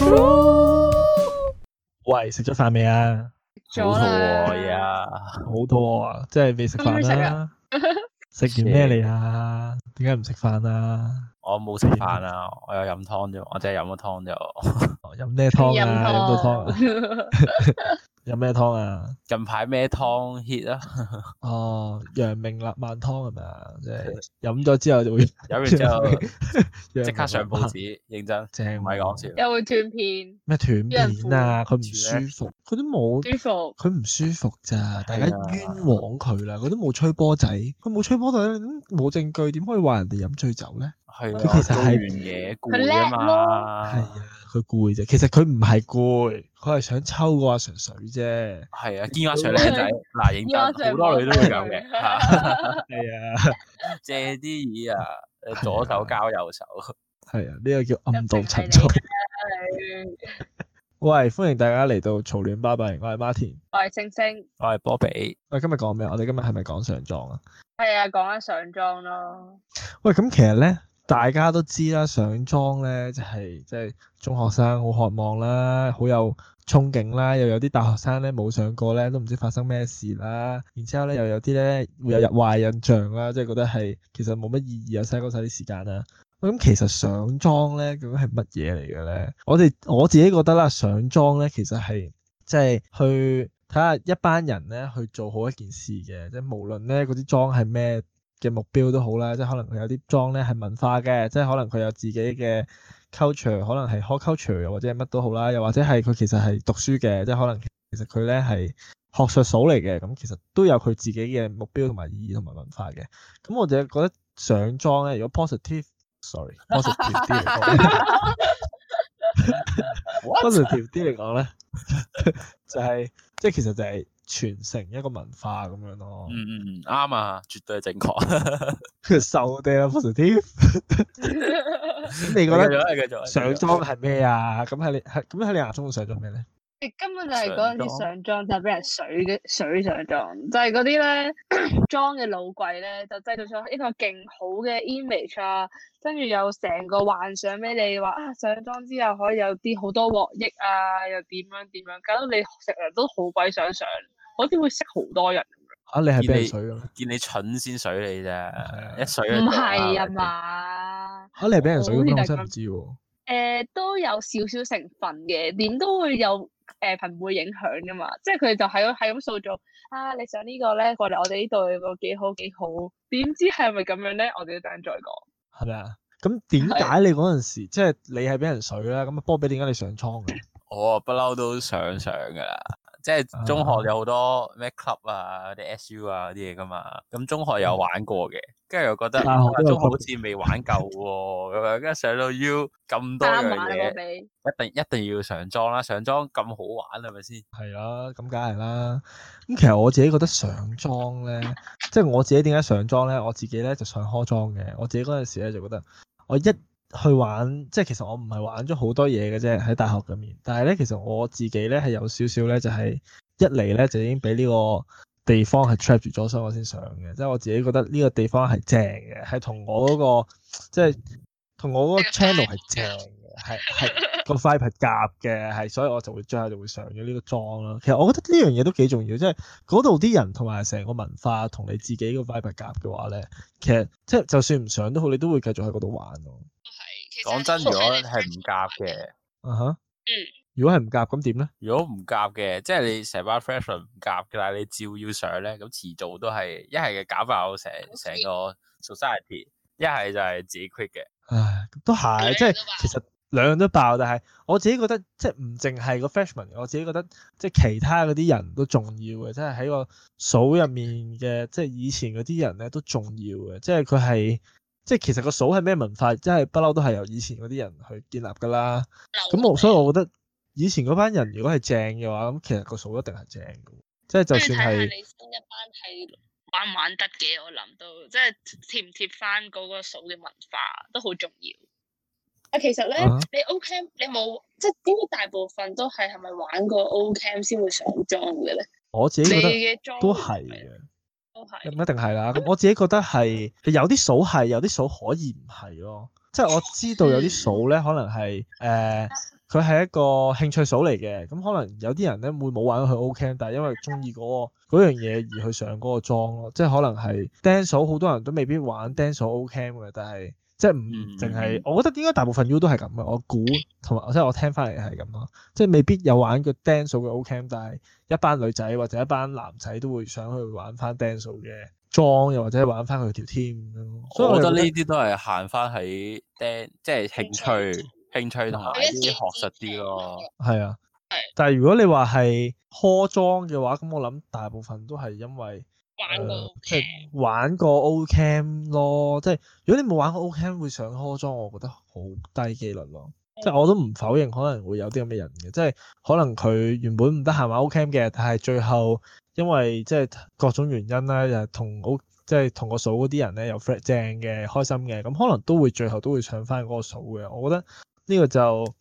Woo! 喂，食咗飯未啊？好肚餓啊！好肚餓，即係未食飯啦。食完咩嚟啊？點解唔食飯啊？我冇食飯啊，我有飲湯啫，我淨係飲咗湯啫，飲咩湯啊？飲到湯。 飲咩湯啊？近排咩湯 hit 啦？ 哦，楊明立萬湯係咪啊？即係飲咗之後就會飲完之後即 刻上報紙，認真正唔係講笑。又會斷片咩斷片啊？佢唔、啊、舒服，佢呢都冇服舒服，佢唔舒服咋？大家冤枉佢啦，佢都冇吹波仔，佢冇吹波仔，冇證據，點可以話人哋飲醉酒咧？佢其實係攰啊嘛，係啊，佢攰啫。其實佢唔係攰，佢係想抽個阿 Sir 水啫。係啊，見阿 Sir 靚仔，嗱認真好多女都會咁嘅。係啊，借啲耳啊，左手交右手。係啊，呢個叫暗度陳倉。喂，歡迎大家嚟到嘈亂巴閉，我係 Martin，我係猩猩，我係波比。喂，今日講咩？我哋今日係咪講上莊啊？係啊，講緊上莊咯。喂，咁其實咧～大家都知啦，上裝咧就係、是、即係中學生好渴望啦，好有憧憬啦，又有啲大學生咧冇上過咧，都唔知發生咩事啦。然之後咧，又有啲咧會有日壞印象啦，即係覺得係其實冇乜意義，又嘥嗰曬啲時間啊。咁其實上裝咧竟係乜嘢嚟嘅咧？我哋，我自己覺得啦，上裝咧其實係即係去睇下一班人咧去做好一件事嘅，即係無論咧嗰啲裝係咩，嘅目標都好啦，即係可能佢有啲莊咧係文化嘅，即係可能佢有自己嘅 culture，可能係 co-culture 又或者乜都好啦，又或者係佢其實係讀書嘅，即係可能其實佢咧係學術數嚟嘅，咁其實都有佢自己嘅目標同埋意義同埋文化嘅。咁我哋覺得上莊咧，如果 positive，sorry，positive 啲，positive 啲嚟講咧，就係即係其實就係、是。傳承一個文化咁樣咯。哦嗯，嗯嗯嗯，啱啊，絕對正確。受的 positive，你覺得上莊係咩啊？咁喺你喺咁喺你眼中上咗咩咧？莊根本就係講啲上莊就係俾人水嘅水上莊，就係嗰啲咧莊嘅老鬼咧，就製造咗一個勁好嘅 image 啊，跟住又成個幻想俾你話，啊、上莊之後可以有啲好多獲益啊，又點樣點樣，搞到你成日都好鬼想上。好似會識好多人咁樣啊！你係俾人水咯，見你蠢先水你啫，啊、一水唔係啊嘛！啊，你係俾人水，哦嗯、我真係唔知喎。誒、呃，都有少少成分嘅，點都會有誒朋、呃、輩影響噶嘛。即係佢哋就係係咁塑造啊！你想呢個咧，過嚟我哋呢度又幾好幾好，點知係咪咁樣咧？我哋等再講。係咪啊？咁點解你嗰陣時的即係你係俾人水啦，咁波比點解你上莊嘅？我啊不嬲都想上噶啦。即係中學有好多咩 club 啊、啲 SU 啊啲嘢㗎嘛，咁中學有玩過嘅，跟住、嗯、又覺得、啊、中學好似未玩夠咁、啊啊、樣，跟住上到 U 咁 多樣嘢，一定、啊、一定要上莊啦、啊！上莊咁好玩係咪先？係啊，咁梗係啦。咁其實我自己覺得上莊咧，即係我自己點解上莊咧？我自己咧就上開莊嘅。我自己嗰陣時咧就覺得我一。去玩，即係其實我唔係玩咗好多嘢嘅啫，喺大學入面。但係咧，其實我自己咧係有少少咧，就係一嚟咧就已經俾呢個地方係 trap 住咗，所以我先上嘅。即係我自己覺得呢個地方係正嘅，係同我嗰個即係同我嗰個 channel 係正。係係，， 那個 vibe 係夾嘅。係所以我就會最後就會上咗呢個莊咯。其實我覺得呢樣嘢都幾重要，即係嗰度啲人同埋成個文化同你自己個 vibe 夾嘅話咧，其實即係就算唔上都好，你都會繼續喺嗰度玩咯。係，講真，如果係唔夾嘅，啊吓，嗯，如果係唔夾咁點咧？呢如果唔夾嘅，即係你成班 friend 唔夾嘅，但係你照上要上咧，咁遲早都係一係搞爆成成個 society，一係就係自己 quit 嘅。唉，都係，即係 其實。兩樣都爆，但係我自己覺得即係唔淨係個 freshman，我自己覺得即係其他嗰啲人都重要嘅，即係喺個莊入面嘅，即係以前嗰啲人咧都重要嘅，即係佢係即係其實個莊係咩文化，即係不嬲都係由以前嗰啲人去建立噶啦。咁我所以我覺得以前嗰班人如果係正嘅話，咁其實個莊一定係正嘅。即係就算係你新一班係玩唔玩得嘅，我諗到即係貼唔貼翻嗰個莊嘅文化都好重要。啊，其實咧，你 Ocamp 你冇，即係點解大部分都係係咪玩過 Ocamp 先會上莊嘅咧？我自己覺得都係嘅，都係，唔一定係啦。咁我自己覺得係有啲莊係，有啲莊可以唔係咯。即係我知道有啲莊咧，可能係誒，佢係一個興趣莊嚟嘅。咁，嗯，可能有啲人咧會冇玩佢 Ocamp，但係因為中意嗰個樣嘢而去上嗰個莊咯。即係可能係 dance 莊，好多人都未必玩 dance 莊 Ocamp 嘅，但係。即係唔淨係，我覺得應該大部分 U 都係咁嘅。我估同埋即係我聽翻嚟係咁咯。即係未必有玩過 dance 嘅 Ocamp 但係一班女仔或者一班男仔都會想去玩翻 dance 嘅莊，又或者玩翻佢條 team 咯。所以我覺得呢啲都係行翻喺 dance，即係興趣、興趣同埋啲學術啲咯。係啊，但係如果你話係 O 莊嘅話，咁我諗大部分都係因為。玩過，即係、呃、玩過 Ocamp 咯，即係如果你冇玩過 Ocamp 會上 Co 莊我覺得好低機率咯。嗯、即係我都唔否認可能會有啲咁嘅人嘅，即係可能佢原本唔得閒玩 Ocamp 嘅，但係最後因為即係各種原因咧，又、就是、同 O 即係同個莊嗰啲人咧又 friend 正嘅，開心嘅，咁可能都會最後都會上翻嗰個莊嘅。我覺得呢個就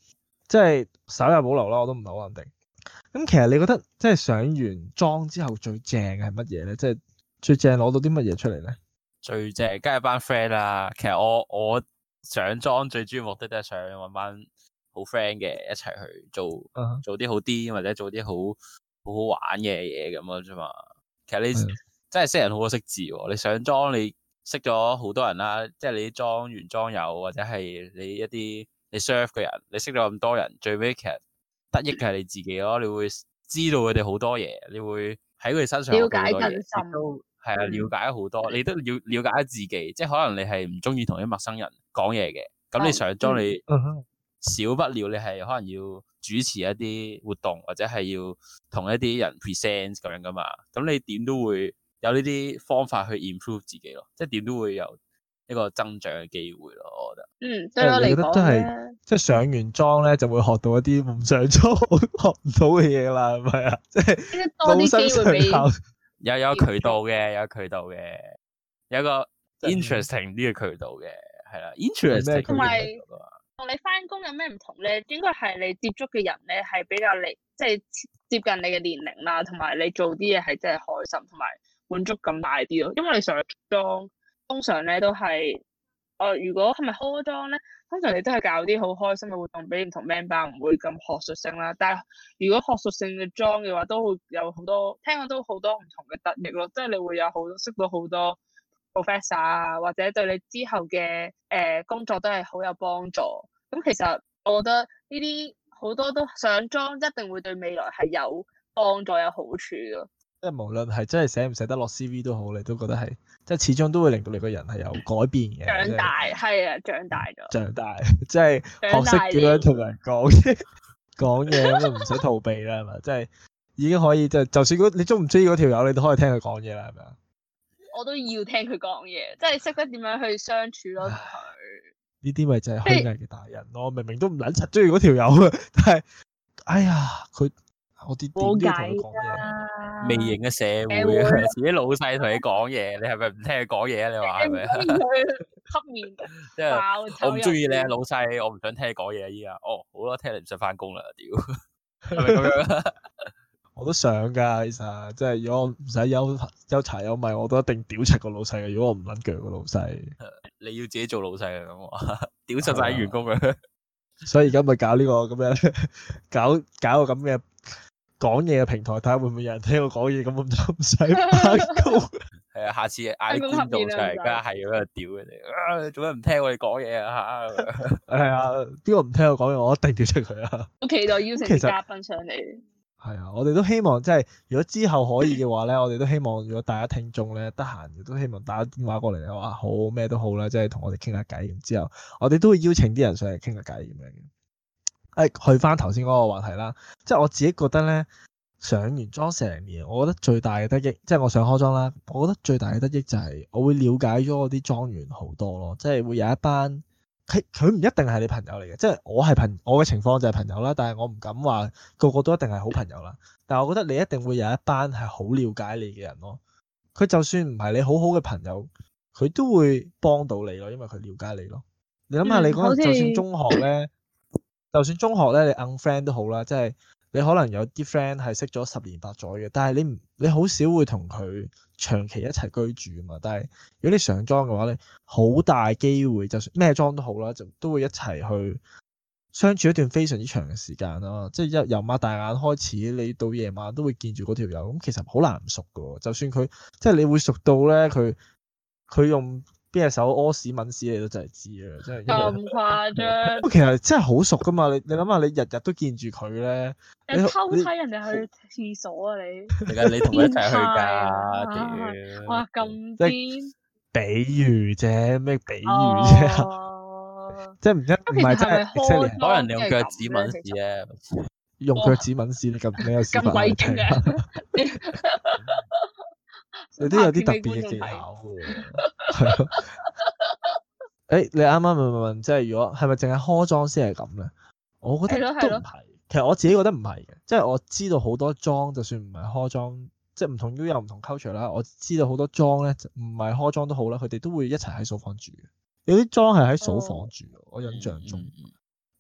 即係稍有保留咯，我都唔係好肯定。咁其實你覺得即係上完裝之後最正嘅係乜嘢咧？即係最正攞到啲乜嘢出嚟咧？最正梗係班 friend 啦。其實我我上莊最主要的目的都係想搵班好 friend 嘅一齊去做、uh huh. 做啲好啲，或者做啲好好好玩嘅嘢咁樣啫嘛。其實你、uh huh. 真係識人好過識字、啊。你上莊你識咗好多人啦、啊，即係你啲莊員、莊友或者係你一啲你 serve 嘅人，你識咗咁多人，最尾其實得益嘅係你自己咯。你會知道佢哋好多嘢，你會。喺佢哋身上多了解人心，係啊，了解好多，的你都了了解自己，即係可能你係唔中意同啲陌生人講嘢嘅，咁你想將你，少不了你係可能要主持一啲活動，或者係要同一啲人 present 咁樣噶嘛，咁你點都會有呢啲方法去 improve 自己咯，即係點都會有。一個增長嘅機會咯，我覺得。嗯，對我嚟講咧，欸嗯、即係上完莊咧就會學到一啲唔上莊 學唔到嘅嘢啦，係咪啊？即 係 多啲機會俾。 又有渠道嘅，有渠道嘅，有一個 interesting 啲嘅渠道嘅，係啊、嗯。interesting 同你翻工有咩唔同咧？應該係你接觸嘅人咧係比較你即係接近你嘅年齡啦，同埋你做啲嘢係真係開心同埋滿足咁大啲咯，因為你上莊。通常咧都係，我、哦、如果係咪科莊咧，通常你都係搞啲好開心嘅活動，俾唔同 member，唔會咁學術性啦。但係如果學術性嘅莊嘅話，都會有好多，聽講都好多唔同嘅得益咯，即係你會有好多識到好多 professor 啊，或者對你之後嘅誒、呃、工作都係好有幫助。咁其實我覺得呢啲好多都上莊一定會對未來係有幫助有好處咯。即係無論係真係寫唔寫得落 C V 都好，你都覺得係，即係始終都會令到你個人係有改變嘅大的。長大係啊，長大咗。長大即係學識點樣同人講講嘢，咁就都唔使逃避啦，係咪？ 即係已經可以，即係就算、那個、你中唔中意嗰條友，你都可以聽佢講嘢啦，係咪啊？我都要聽佢講嘢，即係識得點樣去相處咯。佢呢啲咪就係虛偽嘅大人咯。以我明明都唔捻柒中意嗰條友啊，但係哎呀佢。我啲點都要同你講嘢。微型嘅社會，自己老細同你講嘢， 你係咪唔聽佢講嘢啊？你話係咪啊？黑面即係我唔中意你老細，我唔想聽你講嘢依家。哦，好啦，聽你唔想翻工啦，屌，係咪咁樣 我都想噶，其實即係如果我唔使憂憂柴憂米，我都一定屌柒個老細嘅。如果我唔捻腳個老細， 你要自己做老細咁屌柒晒員工嘅。 所以而家咪搞呢、這個咁樣，搞搞個咁嘅。講嘢嘅平台，睇下會唔會有人聽我講嘢咁，我唔使拍高。係啊，下次嗌觀眾出嚟，而家係咁啊屌，人哋做咩唔聽我哋講嘢啊吓？係啊，邊個唔聽我講嘢，我一定跳出去啊。我期待邀請嘉賓上嚟。係 啊樂，我哋都希望，即係如果之後可以嘅話咧，我哋都希望，如果大家聽眾咧得閒，亦都希望打電話過嚟，話、啊、好咩都好啦，即係同我哋傾下偈。然之後，我哋都會邀請啲人上嚟傾下偈咁樣。 誒，去翻頭先嗰個話題啦，即係我自己覺得咧，上完莊成年，我覺得最大嘅得益，即係我上開莊啦，我覺得最大嘅得益就係我會了解咗嗰啲莊員好多咯，即係會有一班佢佢唔一定係你朋友嚟嘅，即係我係朋我嘅情況就係朋友啦，但係我唔敢話個個都一定係好朋友啦。但係我覺得你一定會有一班係好了解你嘅人咯。佢就算唔係你好好嘅朋友，佢都會幫到你咯，因為佢了解你咯。你諗下你嗰像就算中學咧。就算中學咧，你 unfriend 都好啦，即係你可能有啲 friend 係識咗十年八載嘅，但係你唔你好少會同佢長期一齊居住啊嘛。但係如果你上莊嘅話咧，好大機會，就算咩莊都好啦，就都會一齊去相處一段非常之長嘅時間啦。即係一由擘大眼開始，你到夜晚都會見住嗰條友，咁其實好難唔熟㗎喎。就算佢即係你會熟到咧，佢佢用。呢隻手屙屎、吻屎，你都就係知啊！真係咁誇張？不過其實真係好熟噶嘛，你你諗下，你日日都見住佢咧，你偷睇人哋去廁所啊！你你同佢一齊去㗎啊！哇，咁癲！比喻啫，咩比喻啫？即係唔一唔係真係犀利，可能你用腳趾吻屎啊！用腳趾吻屎，咁你有屎法？咁鬼癲嘅？有啲特別嘅技巧嘅。誒、 欸，你啱啱問問問，即係如果係咪淨係開莊先係咁咧？我覺得都唔係，其實我自己覺得唔係嘅，即係我知道好多莊，就算唔係開莊，即係唔同，U 唔同 culture 啦，我知道好多莊咧，唔係開莊都好啦，佢哋都會一齊喺掃房住，有啲莊係喺掃房住，哦、我印象中，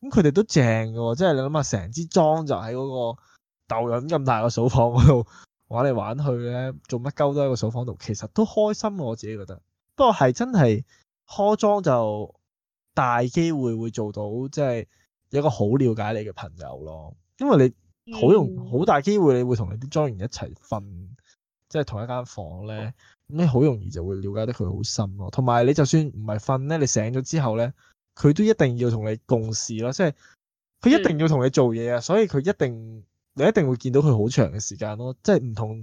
咁佢哋都正嘅，即係你諗下，成支莊就喺嗰個豆潤咁大個掃房嗰度玩嚟玩去咧，做乜鳩都喺個掃房度，其實都開心，我自己覺得。不過係真係開莊就大機會會做到即係、就是、有一個好了解你嘅朋友咯，因為你好容好大機會你會同你啲莊員一齊瞓，即係同一間房咧，咁、嗯、你好容易就會了解得佢好深咯。同埋你就算唔係瞓咧，你醒咗之後咧，佢都一定要同你共事咯，即係佢一定要同你做嘢啊，嗯、所以佢一定你一定會見到佢好長嘅時間咯，即係唔同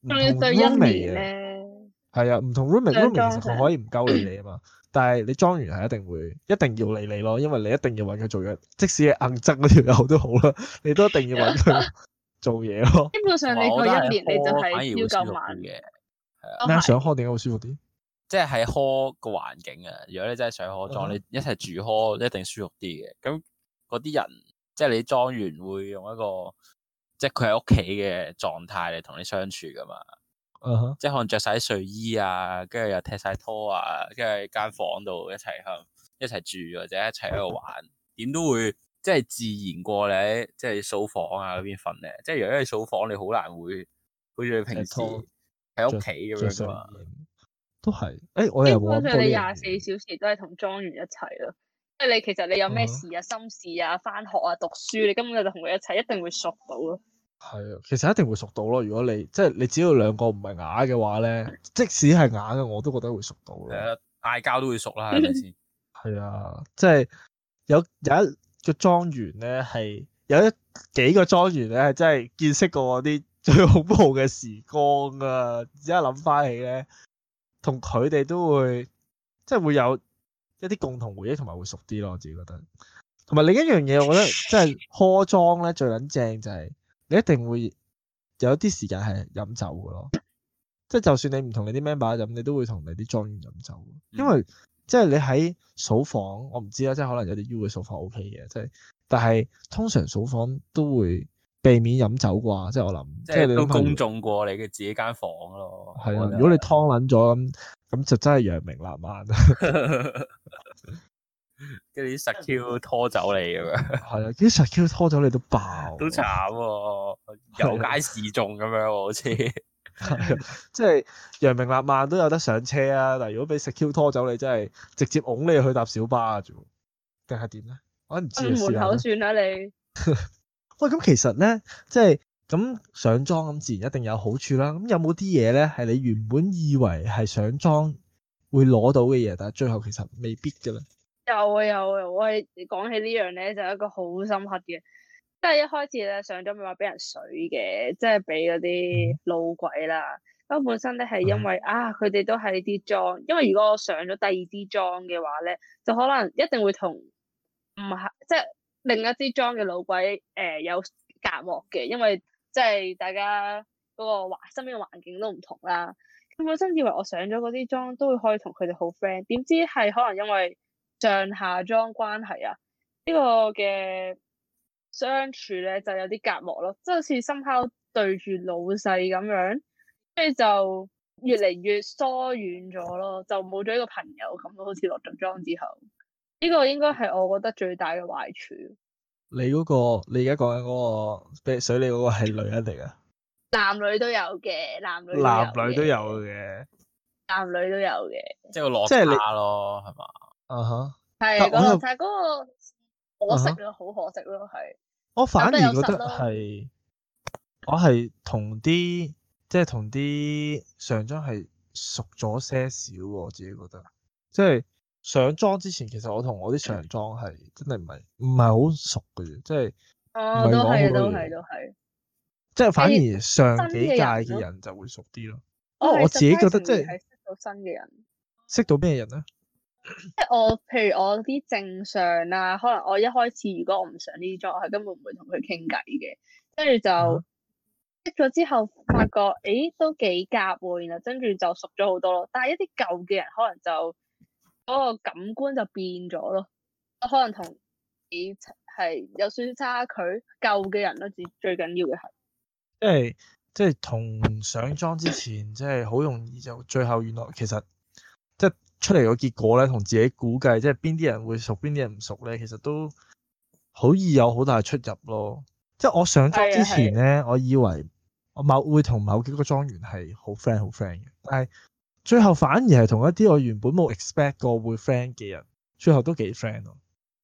唔跟 同一年咧。嗯。係啊，唔同 r o o m i 個 r o o m i n g 其實佢可以唔夠理你啊嘛， 但係你莊園係一定會一定要理你咯，因為你一定要搵佢做嘢，即使硬掙嗰條友都好啦，你都一定要搵佢做嘢咯。 基本上你過一年你 就係要九萬嘅。係啊，想 c a 點解會舒服啲？即係喺 c a l 個環境啊，如果你真係想 c a 莊，嗯、你一齊住 c 一定舒服啲嘅。咁嗰啲人，即係你莊園會用一個，即係佢喺屋企嘅狀態嚟同你相處噶嘛。即係可能着晒睡衣啊，跟住又踢晒拖啊，跟住喺間房度一齊，一齊住或者一齊喺度玩，點 Okay. 都會即係自然過嚟，即係掃房啊嗰邊瞓咧。即係如果你掃房，你好難會好似你平時喺屋企咁樣。都係，誒、哎，我又冇、哎。嗯、你廿四小時都係同莊員一齊咯，即係你，你，你其實你有咩事啊、uh. 心事啊、翻學啊、讀書，你根本就同佢一齊，一定會熟到咯。係啊，其實一定會熟到咯。如果你即係你只要兩個唔係啞嘅話咧，即使係啞嘅，我都覺得會熟到嘅。誒，嗌交都會熟啦，係咪先？係啊，即係有有一個莊園咧，係有一幾個莊園咧，係真係見識過啲最恐怖嘅時光啊。而家諗翻起咧，同佢哋都會即係會有一啲共同回憶，同埋會熟啲咯。我自己覺得，同埋另一樣嘢，我覺得 即係柯莊咧最撚正就係。你一定會有啲時間係飲酒嘅咯，即係就算你唔同你啲 member 飲，你都會同你啲莊員飲酒，因為、嗯、即係你喺數房，我唔知啦，即係可能有啲 U 嘅數房 OK 嘅，即係，但係通常數房都會避免飲酒啩，即係我諗，即係是都公眾過你嘅自己間房咯。係啊，的如果你劏撚咗咁，咁就真係揚名立萬啊！ 跟住啲實 Q 拖走你咁樣，係啊， 啲實 Q 拖走你都爆，都慘，遊街示眾咁樣，好似的，即係揚明立萬都有得上車啊。但係如果俾實 Q 拖走你，真、就、係、是、直接拱你去搭小巴啊，仲定係點咧？我唔知 我門口算啦， 你喂咁、 嗯、其實咧，即係咁上裝咁，自然一定有好處啦。咁有冇啲嘢咧，係你原本以為係上裝會攞到嘅嘢，但係最後其實未必噶啦。有啊有啊，我係講起樣呢樣咧，就係、一個好深刻嘅。即係一開始咧上咗咪話俾人水嘅，即係俾嗰啲老鬼啦。咁本身咧係因為的啊，佢哋都係啲裝，因為如果我上咗第二啲裝嘅話咧，就可能一定會同唔係即係另一支裝嘅老鬼誒、呃、有隔膜嘅，因為即係大家嗰個環身邊嘅環境都唔同啦。咁本身以為我上咗嗰啲裝都會可以同佢哋好 friend，點知係可能因為。上下莊關係啊，呢個嘅相處咧就有啲隔膜咯，即係好似深口對住老細咁樣，跟住就越嚟越疏遠咗咯，就冇咗一個朋友咁咯，好似落咗莊之後，呢個應該係我覺得最大嘅壞處。你嗰個，你而家講緊嗰個俾水你嗰個係女人嚟噶？男女都有嘅，男女都有嘅，男女都有嘅，有即係落渣咯，係嘛你？啊哈，係、uh huh. 但、那個係嗰個我、uh huh. 可惜咯，好可惜咯，係。我反而覺得係，嗯、我係同啲即係同啲上莊係熟咗些少嘅，我自己覺得。即、就、係、是、上莊之前，其實我同我啲上莊係真係唔係唔係好熟嘅啫，即、就、係、是。哦，都係都係都係。即係反而上幾屆嘅人就會熟啲咯。哦、哎，我自己覺得即、就、係、是哦、識到新嘅人。識到咩人咧？即係我，譬如我啲正常啊，可能我一開始如果我唔上呢啲莊，係根本唔會同佢傾偈嘅。跟住就識咗、嗯、之後，發覺誒、欸、都幾夾喎、啊。然後跟住就熟咗好多咯。但係一啲舊嘅人，可能就嗰、那個感官就變咗咯。可能同你係有少少差距。舊嘅人都最最緊要嘅係，即係即係同上莊之前，即係好容易就最後原來其實。出嚟個結果咧，同自己估計，即係邊啲人會熟，邊啲人唔熟咧，其實都好易有好大出入咯。即係我上莊之前咧，我以為我某會同某幾個莊員係好 friend 好 friend 嘅，但係最後反而係同一啲我原本冇 expect 過會 friend 嘅人，最後都幾 friend 咯。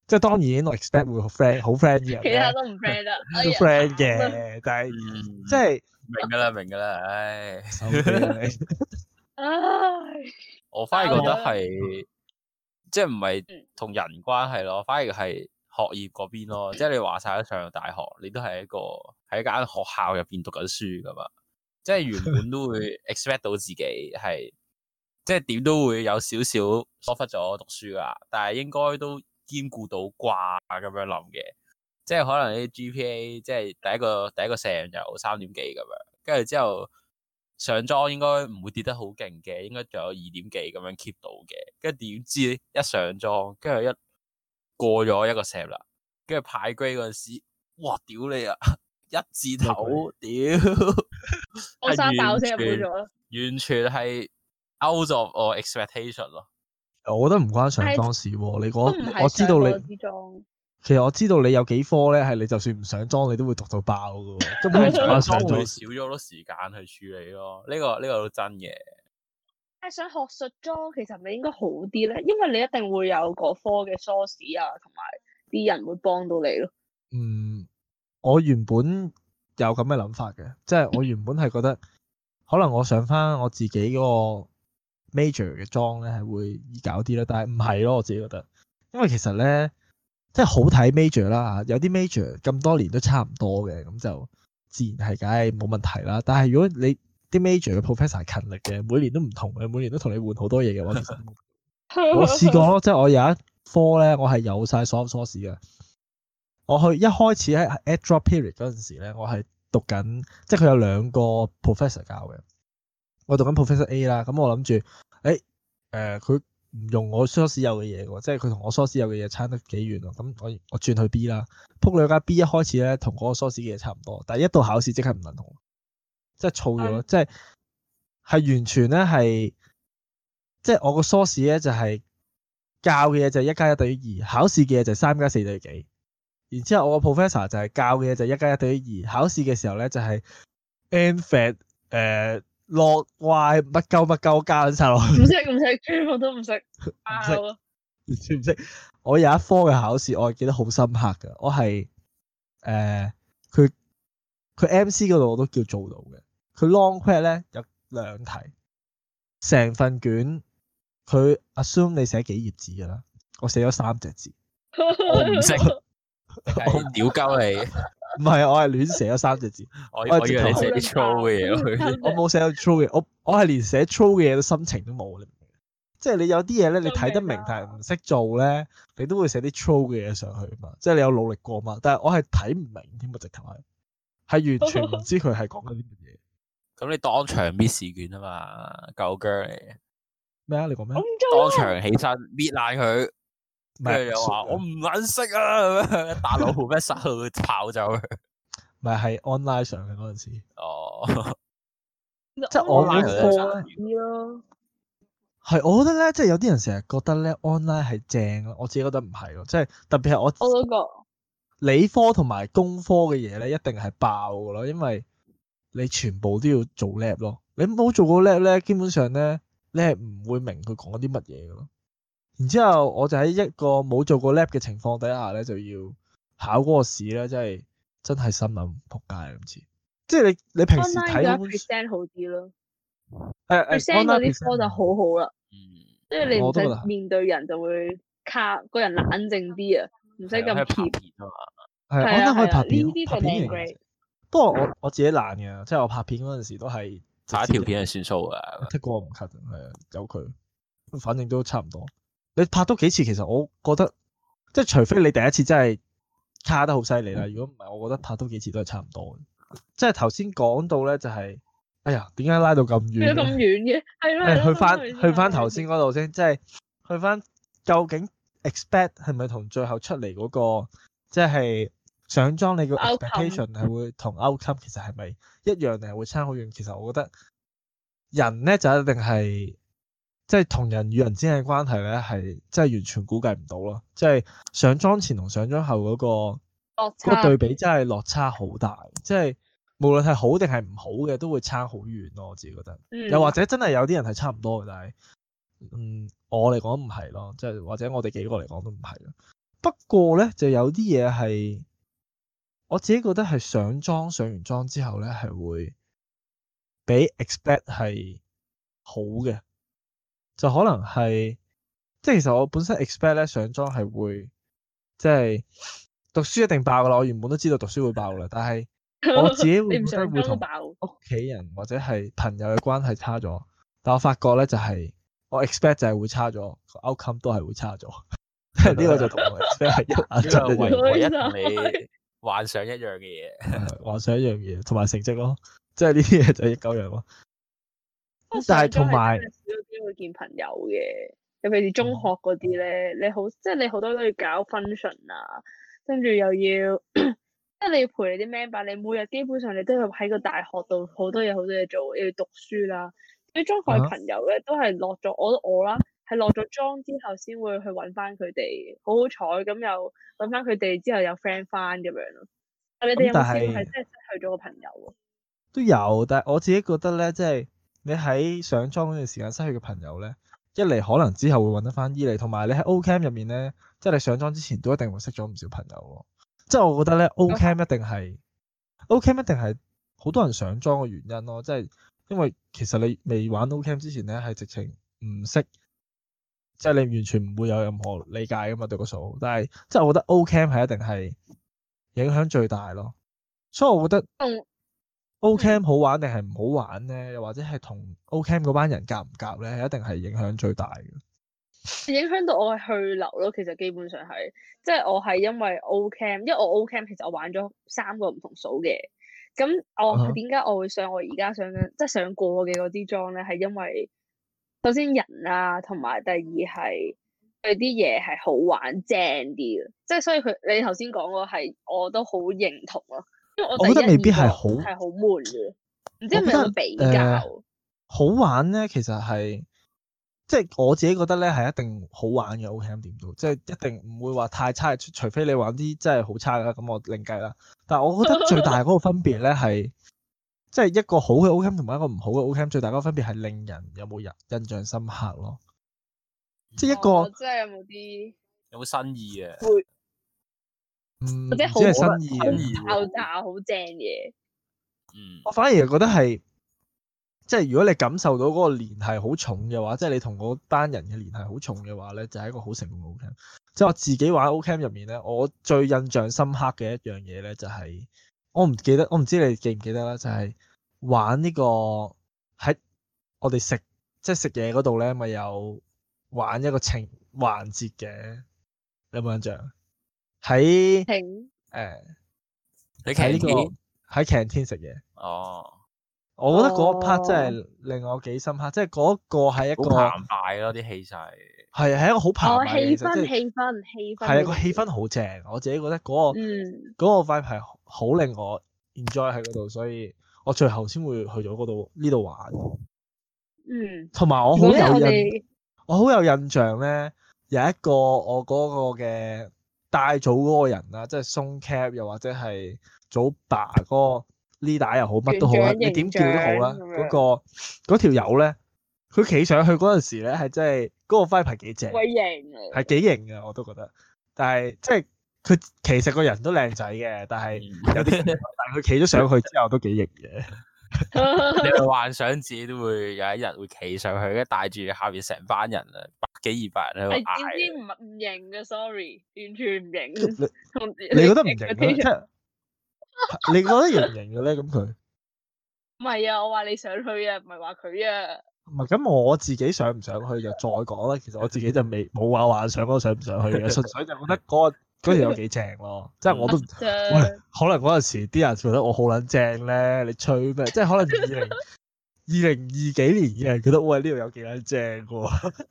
即係當然我 expect 會好 friend 好 friend 嘅人，其他都唔 friend 得，都 friend 嘅，但係即係明㗎啦，明㗎啦，唉。我反而覺得係，嗯、即係唔係同人關係咯，反而係學業嗰邊咯。即係你話晒，上大學，你都係一個喺間學校入邊讀緊書噶嘛。即係原本都會 expect 到自己係， 即係點都會有少少疏忽咗讀書噶。但係應該都兼顧到掛，咁樣諗嘅。即係可能啲 GPA，即係第一個第一個 sem 就三點幾咁樣，跟住之後。上莊應該唔會跌得好勁嘅，應該仲有二點幾咁樣 keep 到嘅，跟住點知一上莊，跟住一過咗一個 step 啦，跟住派 grade 嗰陣時，哇，屌你啊，一字頭，屌，我山爆車咗，完全係 out of 我 expectation 咯，我覺得唔關上莊事、啊，你講，啊、我知道你。其實我知道你有幾科咧，係你就算唔上裝，你都會讀到爆嘅。咁，上裝最少咗好多時間去處理咯。呢個呢個都真嘅。誒，想學術裝其實唔係應該好啲咧？因為你一定會有嗰科嘅 source 啊，同埋啲人會幫到你咯。嗯，我原本有咁嘅諗法嘅，即係我原本係覺得可能我上翻我自己嗰個 major 嘅裝咧，係會易搞啲咧。但係唔係咯，我自己覺得，因為其實咧。即係好睇 major 啦，有啲 major 咁多年都差唔多嘅，咁就自然係梗係冇問題啦。但係如果你啲 major 嘅 professor 勤力嘅，每年都唔同嘅，每年都同你換好多嘢嘅話，其實 我試過咯， 即係我有一科咧，我係有晒所有 course 嘅。我去一開始喺 add drop period 嗰陣時咧，我係讀緊，即係佢有兩個 professor 教嘅。我讀緊 professor A 啦，咁我諗住誒，誒、呃、佢。唔用我梳士有嘅嘢喎，即係佢同我梳士有嘅嘢差得幾遠咯。咁我我轉去 B 啦，撲兩間 B 一開始咧同嗰個梳士嘅嘢差唔多，但係一到考試即係唔能同，即係錯咗，即係係完全咧係，即係我個梳士咧就係、是、教嘅嘢就係一加一等於二，考試嘅嘢就係三加四等於幾。然之後我個 professor 就係教嘅嘢就係一加一等於二，考試嘅時候咧就係、是、n fat 誒、呃。落怪乜鳩乜鳩交晒落去。唔識唔識全部都唔識，唔識唔識。我有一科嘅考試，我係記得好深刻嘅。我係誒，佢、呃、佢 MC 嗰度我都叫做到嘅。佢 long quest 咧有兩題，成份卷佢 assume 你寫幾頁紙噶啦，我寫咗三隻字， 我唔識，我屌鳩你。 唔係，我係亂寫咗三隻字， 我以為你寫啲粗嘅嘢，我冇寫啲粗嘅，我我係連寫粗嘅嘢嘅心情都冇啦。即係你有啲嘢咧，你睇得明，但係唔識做咧，你都會寫啲粗嘅嘢上去嘛。即係你有努力過嘛。但係我係睇唔明添，直頭係係完全唔知佢係講緊啲乜嘢。咁 你當場搣試卷啊嘛，夠薑嚟嘅咩啊？你講咩？ 當場起身搣爛佢。咩又話我唔撚識啊？大佬，虎咩殺去炒。走佢 咪係 online 上嘅嗰陣時哦， 即係 我理科咯，係 我覺得咧，即係有啲人成日覺得咧 online 係正咯，我自己覺得唔係咯，即係特別係我我都覺理科同埋工科嘅嘢咧，一定係爆噶咯，因為你全部都要做 lab 咯，你冇做過 lab 咧，基本上咧，你係唔會明佢講咗啲乜嘢噶咯。然之後我就喺一個冇做過 lab 嘅情況底下咧，就要考嗰個試咧，真係真係心諗仆街咁似。即係你你平時睇 online 好啲咯，誒 present 嗰啲科就好好啦。即係你唔使面對人就會卡，u 個人冷靜啲啊，唔使咁。係啊，可以拍片啊係啊，呢啲可以拍片。不過我我自己懶嘅，即係我拍片嗰陣時都係打條片係算數噶，剔過唔 cut 係啊，有佢，反正都差唔多。你拍多幾次，其實我覺得，即係除非你第一次真係卡得好犀利啦，如果唔係，我覺得拍多幾次都係差唔多嘅。即係頭先講到咧，就係、是，哎呀，點解拉到咁遠？咁遠嘅，係去翻返去翻頭先嗰度先，的即係去翻究竟 expect 係咪同最後出嚟嗰、那個，即係上莊你個 expectation 係 Outcome? 會同 outcome 其實係咪一樣定係會差好遠？其實我覺得人咧就一定係。即係同人與人之間嘅關係咧，係真係完全估計唔到咯。即係上莊前同上莊後嗰、嗰個差個對比真係落差好大。即係無論係好定係唔好嘅，都會差好遠咯。我自己覺得，嗯、又或者真係有啲人係差唔多嘅，但係嗯，我嚟講唔係咯。即係或者我哋幾個嚟講都唔係啦。不過咧，就有啲嘢係我自己覺得係上莊上完莊之後咧，係會比 expect 係好嘅。就可能係，即係其實我本身 expect 咧上莊係會，即係讀書一定爆噶啦。我原本都知道讀書會爆噶啦，但係我自己會唔 想會同屋企人 或者係朋友嘅關係差咗？但我發覺咧就係、是，我 expect 就係會差咗，outcome 都係會差咗。呢 個就同即係一就為我一， 唯一同你幻想一樣嘅嘢， 幻想一樣嘢，同埋成績咯，即係呢啲嘢就係一嚿樣咯。 但係同埋少咗啲會見朋友嘅，尤其是中學嗰啲咧，你好，即係你好多都要搞 function 啊，跟住又要，即係你要陪你啲 m e m b 你每日基本上你都要喺個大學度好多嘢好多嘢做，要讀書啦。所中學嘅朋友咧，都係落咗我我啦，係落咗妝之後先會去揾翻佢哋。好好彩咁又揾翻佢哋之後有 friend 翻咁樣咯。你哋有冇試係真係失去咗個朋友啊？都有，嗯、但係我自己覺得咧，即係。你喺上妝嗰段時間失去嘅朋友咧，一嚟可能之後會揾得翻，二嚟同埋你喺 Ocamp 入面咧，即係你上妝之前都一定會識咗唔少朋友喎。即係我覺得咧 Yeah.，Ocamp 一定係 Ocamp 一定係好多人上妝嘅原因咯。即係因為其實你未玩 Ocamp 之前咧，係直情唔識，即係你完全唔會有任何理解噶嘛對個數。但係即係我覺得 Ocamp 係一定係影響最大咯。所以我覺得、yeah. Ocamp 好玩定係唔好玩咧？又或者係同 Ocamp 嗰班人夾唔夾咧？一定係影響最大嘅，影響到我去留咯。其實基本上係，即係我係因為 Ocamp 因為我 Ocamp 其實我玩咗三個唔同組嘅。咁我點解、uh huh. 我會上我而家上即係上過嘅嗰啲莊咧？係因為首先人啊，同埋第二係佢啲嘢係好玩正啲啊！即係所以佢你頭先講個係，我都好認同咯。我，我覺得未必係好係好悶，唔知係咪比較好玩咧？呃、其實係即係我自己覺得咧，係一定好玩嘅。Ocamp 點都即係一定唔會話太差，除非你玩啲真係好差㗎啦。咁我另計啦。但係我覺得最大嗰個分別咧係即係一個好嘅 Ocamp 同埋一個唔好嘅 Ocamp，最大嗰個分別係令人有冇印印象深刻咯。即、就、係、是、一個即係、哦、有冇啲有冇新意嘅。嗯、或即係新意，爆炸好正嘢。嗯，我反而覺得係，即係如果你感受到嗰個聯繫好重嘅話，即係你同嗰班人嘅聯繫好重嘅話咧，就係一個好成功嘅。嗯、即係我自己玩 Ocamp 入面咧，我最印象深刻嘅一樣嘢咧，就係我唔記得，我唔知你記唔記得啦。就係玩呢個喺我哋食，即係食嘢嗰度咧，咪有玩一個情環節嘅，有冇印象？喺你睇呢誒，喺 canteen 食嘢。哦，我覺得嗰 part 真係令我幾深刻，即係嗰個係一個好澎湃咯啲氣勢。係，係一個好澎湃。哦，氣氛氣氛氣氛。係啊，個氣氛好正，我自己覺得嗰個嗰個 vibe 係好令我 enjoy 喺嗰度，所以我最後先會去咗嗰度呢度玩。嗯。同埋我好有印，我好有印象咧，有一個我嗰個嘅。帶組嗰個人啊，即係松 cap 又或者係組爸嗰個 leader 又好，乜都好啦，你點叫都好啦。嗰、嗰個條友咧，佢企上去嗰陣時咧，係真係嗰、嗰個飛牌幾正，鬼型係幾型嘅，我都覺得。但係即係佢其實個人都靚仔嘅，但係有啲， 但係佢企咗上去之後都幾型嘅。 你幻想自己都會有一日會企上去，跟住帶住下邊成班人啊！幾二百？你點、啊、知唔唔型嘅？Sorry，完全唔型。你 己你覺得唔型 你覺得型唔型嘅咧？咁佢唔係啊！我話你想去啊，唔係話佢啊。唔係咁，我自己想唔想去就再講啦。其實我自己就未冇話幻想唔想唔想去嘅，純粹就覺得嗰、那、嗰、個、有幾正咯。 即係我都唔喂，可能嗰陣時啲人覺得我好撚正咧，你吹咩？即係可能二零二零二幾年嘅人覺得，喂呢度有幾撚正嘅。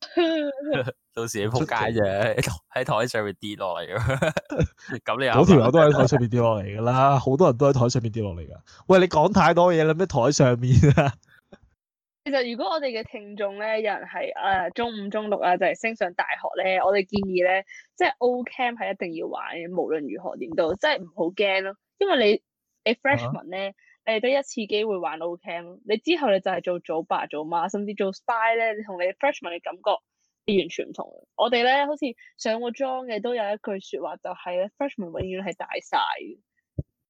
到時你仆街啫，喺台 上面跌落嚟咯。咁 你嗰條友都喺台上面跌落嚟噶啦，好多人都喺台上面跌落嚟噶。喂，你講太多嘢啦咩？台上面啊， 其實如果我哋嘅聽眾咧，有人係誒、呃、中五、中六啊，就係、是、升上大學咧，我哋建議咧，即係 O Camp 係一定要玩嘅，無論如何點都，即係唔好驚咯，因為你誒 Freshman 咧。啊誒得一次機會玩 Ocamp 你之後你就係做組爸做媽，甚至做 spy 咧，你同你 freshman 嘅感覺完全唔同。我哋咧好似上過莊嘅，都有一句説話就係咧，freshman 永遠係大曬。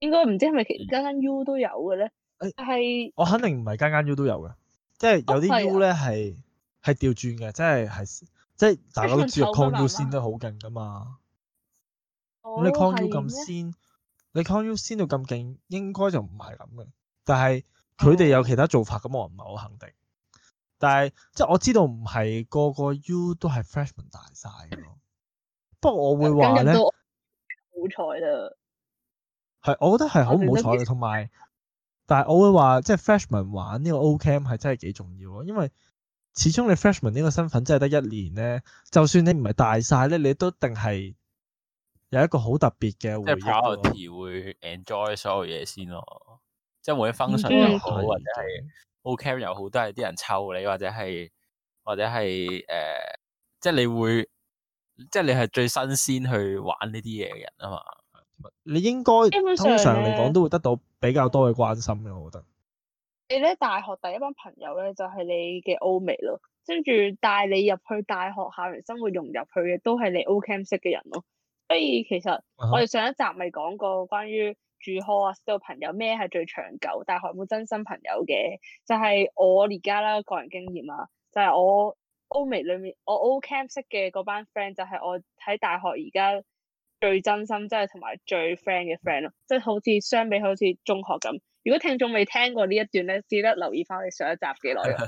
應該唔知係咪間,、欸、係間間 U 都有嘅咧？係我肯定唔係間間 U 都有嘅，即係有啲 U 咧係係調轉嘅，即係係即係大家都知道抗 Freshman U 先得好勁噶嘛。我、哦、你抗 U 咁先？你 con U 先到咁勁，應該就唔係咁嘅。但係佢哋有其他做法，咁我唔係好肯定。但係即係我知道唔係個個 U 都係 freshman 大曬咯。不過我會話咧，好彩啦。係，我覺得係好唔好彩嘅。同埋，但係我會話即係 freshman 玩呢個 Ocamp 係真係幾重要咯。因為始終你 freshman 呢個身份真係得一年咧。就算你唔係大晒咧，你都一定係。有一個好特別嘅回憶咯，即係 priority 會 enjoy 所有嘢先咯。即係無論分數又好，的或者係 Ocam 又好，都係啲人抽你，或者係或者係誒、呃，即係你會即係你係最新鮮去玩呢啲嘢嘅人啊嘛。你應該通常嚟講都會得到比較多嘅關心嘅，我覺得你咧大學第一班朋友咧就係、是、你嘅 Ome 咯，跟住帶你入去大學校園生活融入去嘅都係你 Ocam 識嘅人咯。所以其實我哋上一集咪講過關於住 hall 到朋友咩係最長久，大學冇真心朋友嘅，就係、是、我而家啦個人經驗啊，就係、是、我歐美裏面我 O Camp 識嘅嗰班 friend，就係我喺大學而家最真心，即係同埋最 friend 嘅 friend 咯，即、就、係、是、好似相比好似中學咁。如果聽眾未聽過呢一段咧，記得留意返我哋上一集嘅內容。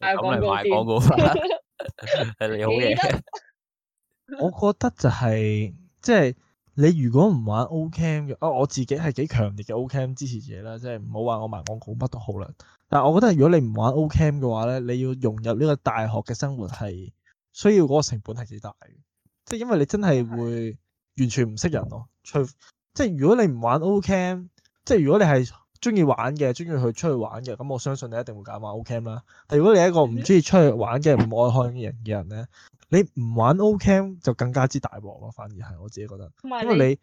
咁嚟 賣廣告啦！ 你好嘢厲 呢。我覺得就係、是。即係你如果唔玩 Ocamp 嘅，啊、哦、我自己係幾強烈嘅 Ocamp 支持者啦，即係唔好話我埋我講乜都好啦。但係我覺得如果你唔玩 Ocamp 嘅話咧，你要融入呢個大學嘅生活係需要嗰個成本係幾大嘅，即係因為你真係會完全唔識人咯。除即係如果你唔玩 Ocamp，即係如果你係。中意玩嘅，中意去出去玩嘅，咁我相信你一定會揀玩 Ocamp 啦。但如果你係一個唔中意出去玩嘅，唔 愛開人嘅人咧，你唔玩 Ocamp 就更加之大鑊咯。反而係我自己覺得，因為你，你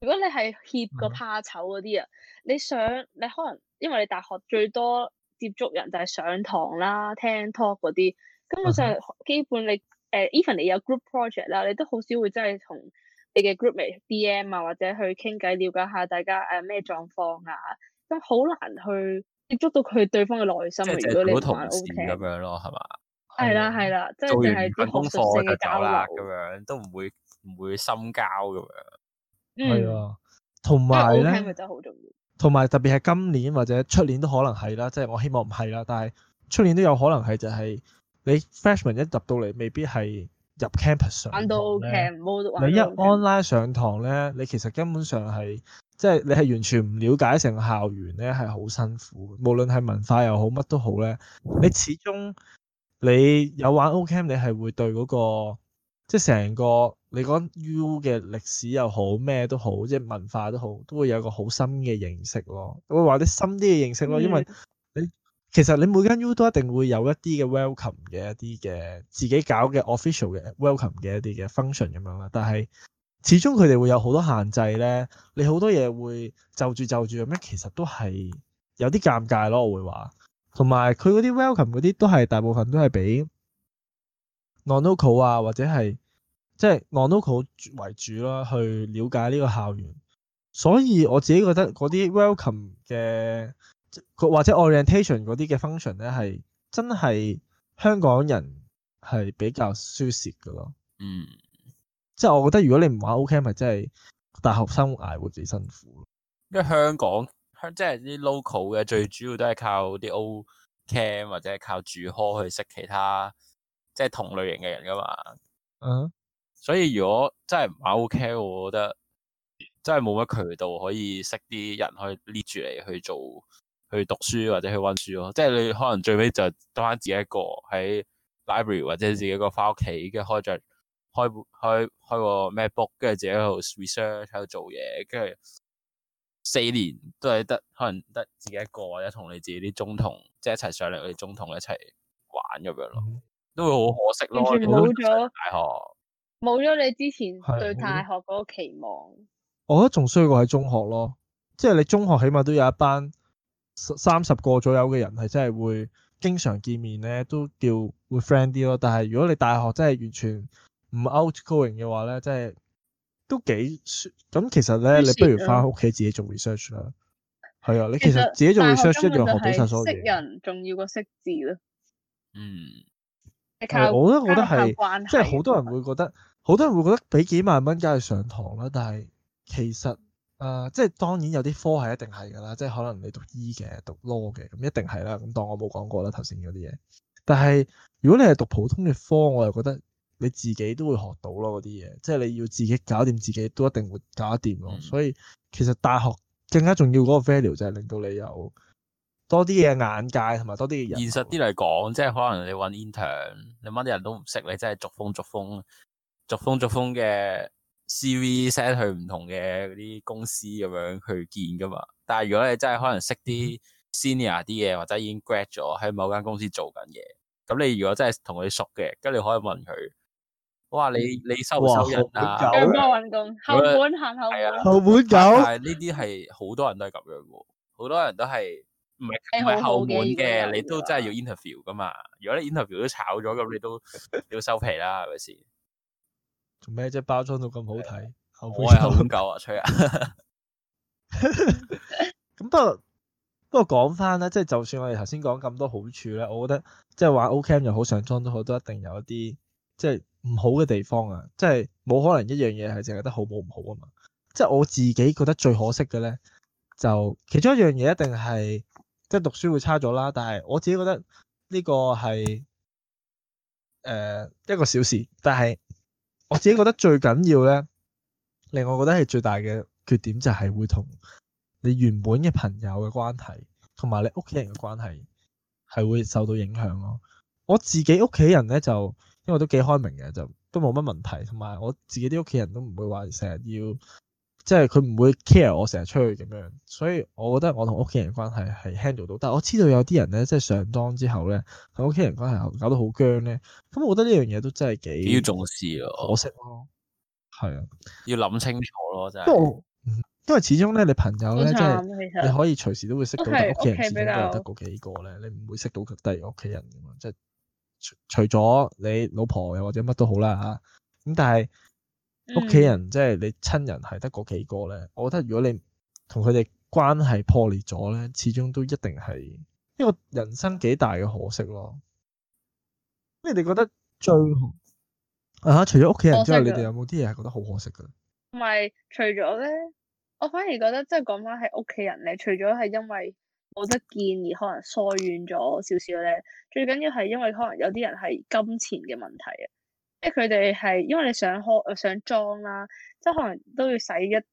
如果你係怯個怕醜嗰啲啊，嗯、你想你可能因為你大學最多接觸人就係上堂啦、聽 talk 嗰啲，根本上基本你誒 Okay.、uh, even 你有 group project 啦，你都好少會真係同你嘅 group 嚟 DM 啊，或者去傾偈了解下大家誒咩狀況啊。即都好難去接觸到佢對方嘅內心，即是 如果你唔係 O K 咁樣咯，係嘛吧？係啦係啦，即係係啲學術性嘅交流咁的樣，都唔會唔會深交咁樣。係啊、嗯，同埋咧，呢是 OK、是真係好重要。同埋特別係今年或者出年都可能係啦，即、就、係、是、我希望唔係啦，但係出年都有可能係，就係、是、你 freshman 一入到嚟未必係。入 campus 上，玩到得 c、Ocamp，冇玩 online 上堂咧，你其實根本上係即係你係完全唔了解成個校園咧，係好辛苦。無論係文化又好，乜都好咧，你始終你有玩 Ocamp，你係會對嗰、嗰個即係成個你講 U 嘅歷史又好，咩都好，即係文化都好，都會有個好深嘅認識咯。會話啲深啲嘅認識咯，因為。其實你每間 U 都一定會有一啲嘅 welcome 嘅一啲嘅自己搞嘅 official 嘅 welcome 嘅一啲嘅 function 咁樣啦，但係始終佢哋會有好多限制咧，你好多嘢會就住就住咁樣，其實都係有啲尷尬咯，我會話。同埋佢嗰啲 welcome 嗰啲都係大部分都係俾 non-local 啊，或者係即係、就是、non-local 為主啦，去了解呢個校園。所以我自己覺得嗰啲 welcome 嘅，或者 orientation 嗰啲嘅 function 咧，係真係香港人係比較輸蝕噶咯。嗯，即係我覺得如果你唔玩 Ocamp，咪真係大學生涯會幾辛苦。因為香港香即係啲 local 嘅，最主要都係靠啲 Ocamp 或者靠主科去識其他即係同類型嘅人噶嘛。嗯，所以如果真係唔玩 Ocamp，我覺得真係冇乜渠道可以識啲人可以搣住嚟去做。去讀書或者去溫書咯，即係你可能最尾就得翻自己一個喺 library，或者自己一個翻屋企，跟住開著開開開個 MacBook 跟住自己喺度 research，喺度做嘢，跟住四年都係得可能得自己一個或者同你自己啲中同即係一齊上嚟，嗰啲中同一齊玩咁樣咯，都會好可惜咯，冇咗大學，冇咗你之前對大學嗰個期望，我覺得仲衰過喺中學咯，即係你中學起碼都有一班。三十個左右嘅人係真係會經常見面咧，都叫會 friend 啲咯。但係如果你大學真係完全唔 outgoing 嘅話咧，即係都幾疏。咁其實咧，是你不如翻屋企自己做 research 啦。係啊實，你其實自己做 research 一樣學到實數嘅。識人仲要過識字咯。嗯。靠我都覺得係，係即係好多人會覺得，好多人會覺得俾幾萬蚊梗係上堂啦，但係其實。誒、呃，即係當然有啲科系一定係噶啦，即係可能你讀醫、e、嘅、讀 law 嘅，咁一定係啦。咁當我冇講過啦頭先嗰啲嘢。但係如果你係讀普通嘅科，我又覺得你自己都會學到咯嗰啲嘢，即係你要自己搞掂自己，都一定會搞掂咯。嗯、所以其實大學更加重要嗰個 value 就係令到你有多啲嘢眼界，同埋多啲嘢人。現實啲嚟講，即係可能你搵 intern，你乜啲人都唔識，你真係逐風逐風，逐風逐風嘅。CV send 去唔同嘅啲公司咁樣去見噶嘛，但係如果你真係可能識啲 senior 啲嘢，或者已經 grad 咗喺某間公司做緊嘢，咁你如果真係同佢熟嘅，跟住你可以問佢，哇你你收唔收人啊？更多運動後門行後門，後門走。但係呢啲係好多人都係咁樣嘅，好多人都係唔係唔係後門嘅，些你都真係要 interview 噶嘛？啊、如果你 interview 都炒咗，咁你都 你要收皮啦，係咪先？咩啫？包裝到咁好睇，嗯、後邊都咁舊啊！吹啊！咁不過 不過講翻咧，即、就、係、是、就算我哋頭先講咁多好處咧，我覺得即係、就、話、是、Ocamp 又好，上莊都好，都一定有一啲即係唔好嘅地方啊！即係冇可能一樣嘢係淨係得好，冇唔好啊嘛！即、就、係、是、我自己覺得最可惜嘅咧，就其中一樣嘢一定係即係讀書會差咗啦。但係我自己覺得呢個係誒、呃、一個小事，但係。我自己覺得最緊要咧，令我覺得係最大嘅缺點就係會同你原本嘅朋友嘅關係，同埋你屋企人嘅關係係會受到影響咯。我自己屋企人咧就，因為都幾開明嘅，就都冇乜問題，同埋我自己啲屋企人都唔會話成日要。即係佢唔會 care 我成日出去點樣，所以我覺得我同屋企人關係係 handle 到，但係我知道有啲人咧，即係上莊之後咧，同屋企人關係搞得好僵咧，咁我覺得呢樣嘢都真係幾要重視咯，可惜咯，係啊，要諗清楚咯，真係，因為始終咧你朋友咧真係你可以隨時都會識到，但屋企人只能夠得嗰幾個咧，你唔會識到第二屋企人㗎嘛，即係除除咗你老婆又或者乜都好啦吓，咁、啊、但係。屋企、嗯、人即係你親人係得嗰幾個咧，我覺得如果你同佢哋關係破裂咗咧，始終都一定係一個人生幾大嘅可惜咯。你哋覺得最好啊，除咗屋企人之外，你哋有冇啲嘢係覺得好可惜嘅？唔係除咗咧，我反而覺得即係講翻係屋企人咧，除咗係因為冇得見而可能疏遠咗少少咧，最緊要係因為可能有啲人係金錢嘅問題啊。即係佢哋係，因為你想開想裝啦、啊，即係可能都要使一啲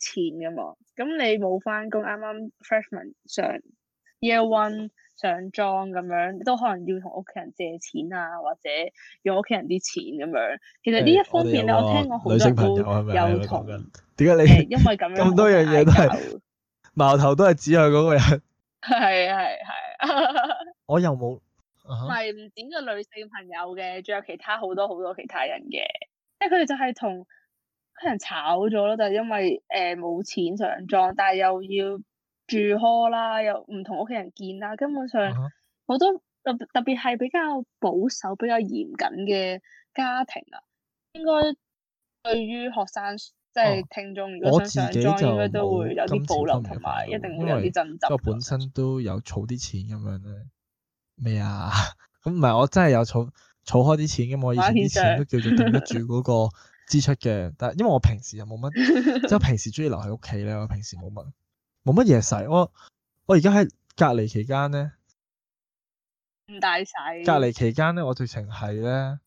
錢㗎嘛。咁你冇返工，啱啱 freshman 上 year one 上莊咁樣，都可能要同屋企人借錢啊，或者用屋企人啲錢咁樣。其實一呢一方面咧，我聽我好多莊友又人。點解你？因為咁咁 多樣嘢，都係矛頭都係指向嗰個人。係係係， 我又冇。唔係唔止個女性朋友嘅，仲有其他好多好多其他人嘅，即係佢哋就係同屋企人炒咗咯，就係、是、因為誒冇、呃、錢上莊，但係又要住科啦，又唔同屋企人見啦，根本上好、uh huh. 多特特別係比較保守、比較嚴謹嘅家庭啊，應該對於學生即係、就是、聽眾，如果想上莊，uh huh. 應該都會有啲保留同埋，uh huh. 一定會有啲掙扎。不、huh. 為，為本身都有儲啲錢咁樣咧。咩啊？咁唔係我真係有儲儲開啲錢嘅，我以前啲錢都叫做頂得住嗰個支出嘅。但係因為我平時又冇乜， 即係平時中意留喺屋企咧，我平時冇乜冇乜嘢使。我我而家喺隔離期間咧，唔大使。隔離期間咧，我直情係咧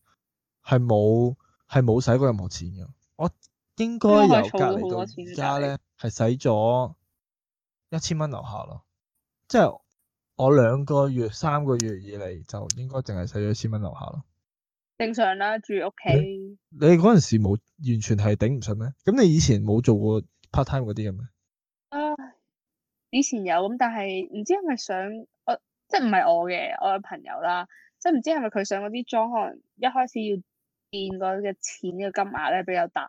係冇係冇使過任何錢嘅。我應該由隔離到而家咧，係使咗一千蚊樓下咯，即係。我兩個月，三個月以嚟，就應該淨係使咗千蚊樓下咯，正常啦，住屋企。你嗰陣時冇完全係頂唔順咩？咁你以前冇做過 part time 嗰啲嘅咩？啊，以前有。咁，但係唔知係咪想，即係唔係我嘅，我嘅朋友啦，即係唔知係咪佢上嗰啲莊，可能一開始要墊嗰嘅錢嘅，這個，金額咧比較大，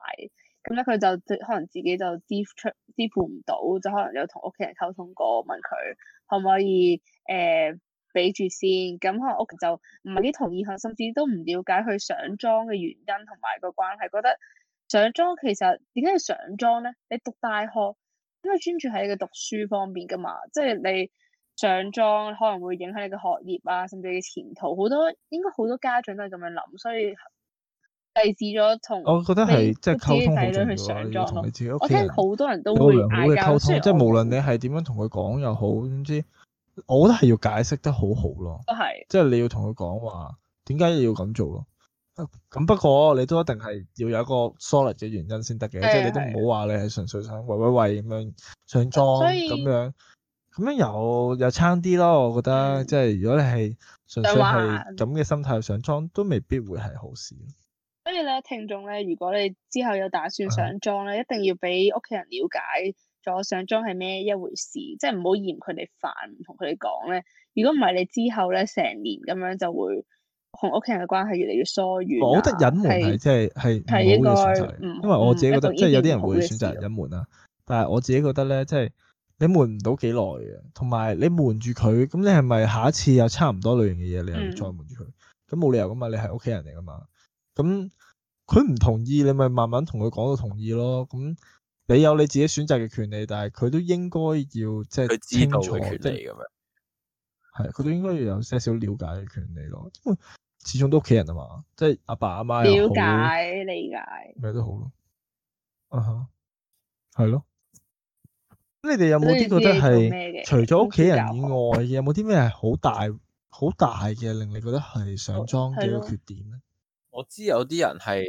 咁咧佢就可能自己就支付支付唔到，就可能有同屋企人溝通過問佢，可唔可以誒俾住先？咁可能屋企就唔係幾同意佢，甚至都唔了解佢上莊嘅原因同埋個關係，覺得上莊其實點解要上莊咧？你讀大學應該專注喺你嘅讀書方面噶嘛，即係你上莊可能會影響你嘅學業啊，甚至你嘅前途。好多應該好多家長都係咁樣諗，所以。咗同我，覺得係即係溝通好重要咯。同你，你自己屋企，好多人都有良好嘅溝通，即係無論你係點樣同佢講又好，總之我覺得係要解釋得好好咯。係是即係你要同佢講話，點解要咁做咯。咁不過你都一定係要有一個 solid 嘅原因先得嘅，即係的你都唔好話你係純粹想的喂喂喂，咁樣上莊咁以樣，咁樣又又差啲咯。我覺得、嗯、即係如果你係純粹係咁嘅心態上莊，都未必會係好事。即係咧，聽眾咧，如果你之後有打算上妝咧，嗯、一定要俾屋企人了解咗上莊係咩一回事，即係唔好嫌佢哋煩，唔同佢哋講咧。如果唔係你之後咧，成年咁樣就會同屋企人嘅關係越嚟越疏遠。我覺得隱瞞係即係係唔好嘅選擇，嗯、因為我自己覺得、嗯、即係有啲人會選擇隱瞞啦。嗯、但係我自己覺得咧，即係你瞞唔到幾耐嘅，同埋你瞞住佢，咁你係咪下一次有差唔多類型嘅嘢，你又要再瞞住佢？咁冇、嗯、理由噶嘛，你係屋企人嚟噶嘛，咁。佢唔同意，你咪慢慢同佢講到同意咯。咁你有你自己選擇嘅權利，但係佢都應該要即係知清楚嘅權利咁樣。係，佢都應該要有些少了解嘅權利咯。因為始終都屋企人啊嘛，即係阿爸阿媽了解理解，咩都好、uh、huh, 咯。啊係咯。你哋有冇啲覺得係除咗屋企人以外嘅，有冇啲咩係好大好大嘅令你覺得係上莊嘅缺點咧？我知有啲人係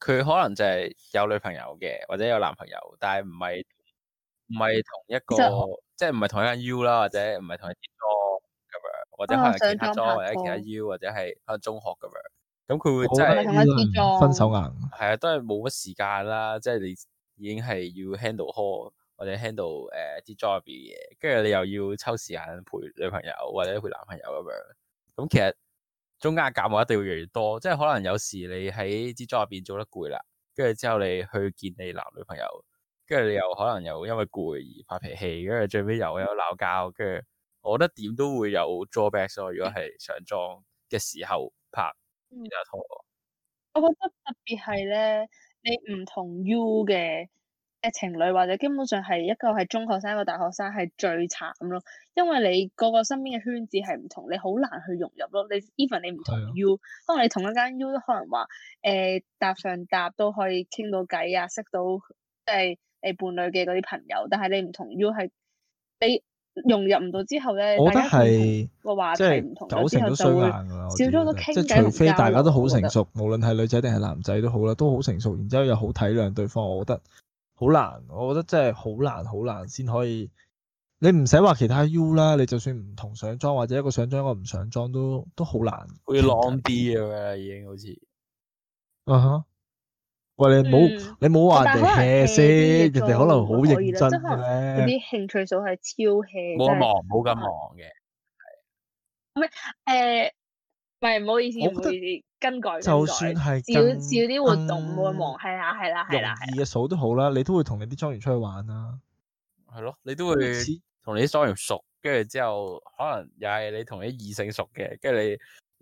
佢可能就係有女朋友嘅，或者有男朋友，但係唔係唔係同一個，即係唔係同一間 U 啦，或者唔係同一啲 job 咁樣，或者係其他 job 或者其他 U，或者係可能中學咁樣。咁佢會真係分手硬。係啊，都係冇乜時間啦。即係你已經係要 handle hall 或者 handle 誒、uh, 啲 job 嘅嘢，跟住你又要抽時間陪女朋友或者陪男朋友咁樣。咁其實。中間夾我一定要越嚟越多，即係可能有時你喺支莊入邊做得攰啦，跟住之後你去見你男女朋友，跟住你又可能又因為攰而發脾氣，跟住最尾又有一鬧交，跟住我覺得點都會有 drawbacks 咯。如果係上莊嘅時候拍呢個圖，我覺得特別係咧，你唔同 U 嘅。情侶或者基本上係一個係中學生一個大學生係最慘咯，因為你個個身邊嘅圈子係唔同，你好難去融入咯。你 even 你唔同，U, 的你同 U，可能你同一間 U 都可能話誒搭上搭都可以傾到偈啊，識到即係誒伴侶嘅嗰啲朋友，但係你唔同 U 係你融入唔到之後咧，我覺得係個話題唔同咗之後就，九成都衰硬㗎啦就會少咗個傾偈。即係除非大家都好成熟，無論係女仔定係男仔都好啦，都好成熟，然之後又好體諒對方，我覺得。好難，我覺得真係好難好難先可以。你唔使話其他 U 啦，你就算唔同上莊或者一個上莊一個唔上莊都都好難。要浪啲啊，已經好似。啊、嗯、喂，你冇你冇話人哋 hea 先，人哋可能好認真。嗰啲興趣數係超 hea。冇咁忙，冇咁的忙嘅。唔係，誒、呃，唔係，唔好意思，根據就算係召召啲活動會忙係啊係啦係啦，易嘅數都好啦，你都會同你啲莊員出去玩啦、啊，係咯，你都會同你啲莊員熟，跟住之後可能又係你同你異性熟嘅，跟住你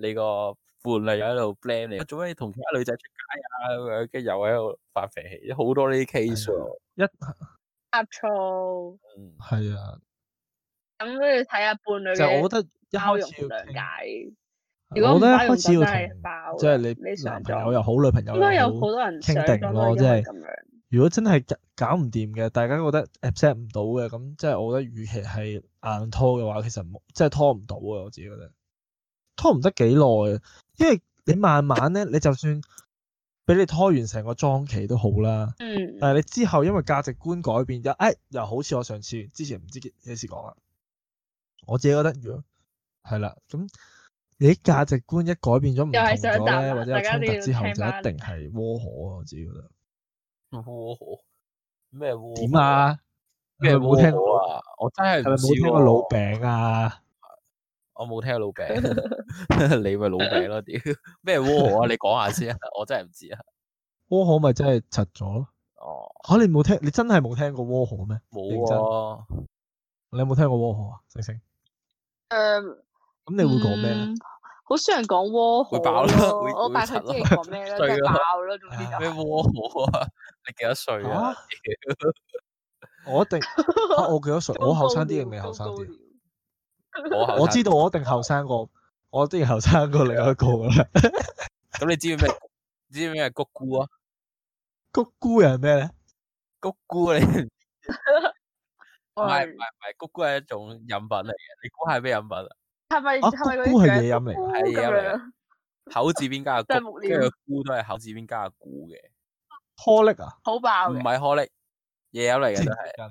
你個伴侶又喺度 blame 你，做咩同其他女仔出街啊咁樣，跟住又喺度發脾氣，好多呢啲 case、啊、一呷、嗯、醋，嗯的，係啊，咁都要睇下伴侶，就我覺得包容同理解。我覺得一開始要停，即係你男朋友又好，女朋友又好，傾定咯，即係、就是。如果真係搞唔掂嘅，大家覺得 accept 唔到嘅，咁即係我覺得與其係硬拖嘅話，其實即係、就是、拖唔到啊。我自己覺得拖唔得幾耐，啊，因為你慢慢咧，你就算俾你拖完成個莊期都好啦。嗯。但係你之後因為價值觀改變咗，哎，又好似我上次之前唔知幾幾時講啊，我自己覺得如果係啦，咁。你價值觀一改變咗唔同咗咧，或者衝突之後就一定係窩河啊！我自己覺得，窩河咩？點啊？係咪冇聽過啊？我真係唔知。係咪冇聽過老餅啊？我冇聽過老餅，你咪老餅咯！屌咩窩河啊？你講下先，我真係唔知啊。窩河咪真係柒咗咯。哦，吓你冇聽？你真係冇聽過窩河咩？冇啊！你有冇聽過窩河啊？猩猩，誒，咁你會講咩咧？好少人講蝸殼咯，我頭先講咩咧？真係爆咯，總之就咩蝸殼啊？你幾多歲啊？我一定，我幾多歲？我後生啲定未後生啲。我我知道我一定後生過，我啲人後生過另外一個。咁你知唔知咩？你知唔知咩？係谷菇啊？谷菇又係咩咧？谷菇你唔係唔係唔係谷菇係一種飲品嚟嘅，你估下係咩飲品啊？係咪係咪嗰個叫？係嘢飲嚟，口字邊加個古，跟住個菇都係口字邊加個古嘅。呵力啊？好爆！唔係呵力，嘢飲嚟嘅，真係。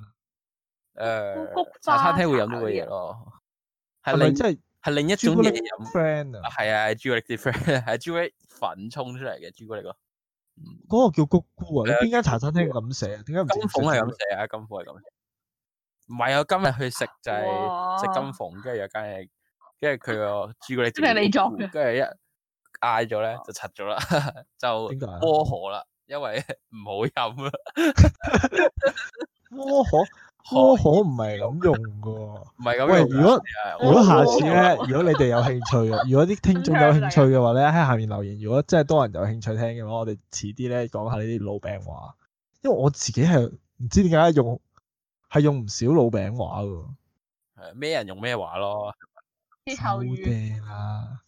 誒，茶餐廳會飲到嘅嘢咯。係咪即係？係另一種嘢飲。friend 啊，係啊，朱古力啲 different 係朱古力粉沖出嚟嘅朱古力咯。嗰個叫谷菇啊？你邊間茶餐廳咁寫？點解唔？金鳳係咁寫啊！金鳳係咁寫。唔係我今日去食就係食金鳳，跟住有間嘢。即係佢個朱古力，即係你裝嘅。跟住一嗌咗咧，啊、就拆咗啦，嗯、 就窩河啦，因為唔好飲啊。窩河窩河唔係咁用噶。唔係咁樣用。喂，如果和如果下次咧，如果你哋有興趣，窩和 如果啲聽眾有興趣嘅話咧，喺下面留言。如果真係多人有興趣聽嘅話，我哋遲啲咧講下呢啲老餅話。因為我自己係唔知點解用，係用唔少老餅話噶。係咩、嗯、人用咩話咯？抽爹啦，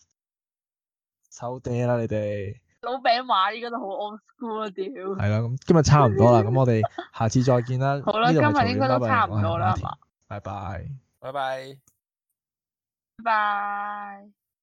抽爹啦你哋，老餅話依家都好 old school 啊屌。係啦，咁今日差唔多啦，咁我哋下次再見啦。好啦，今日應該都差唔多啦。拜拜，拜拜，拜拜。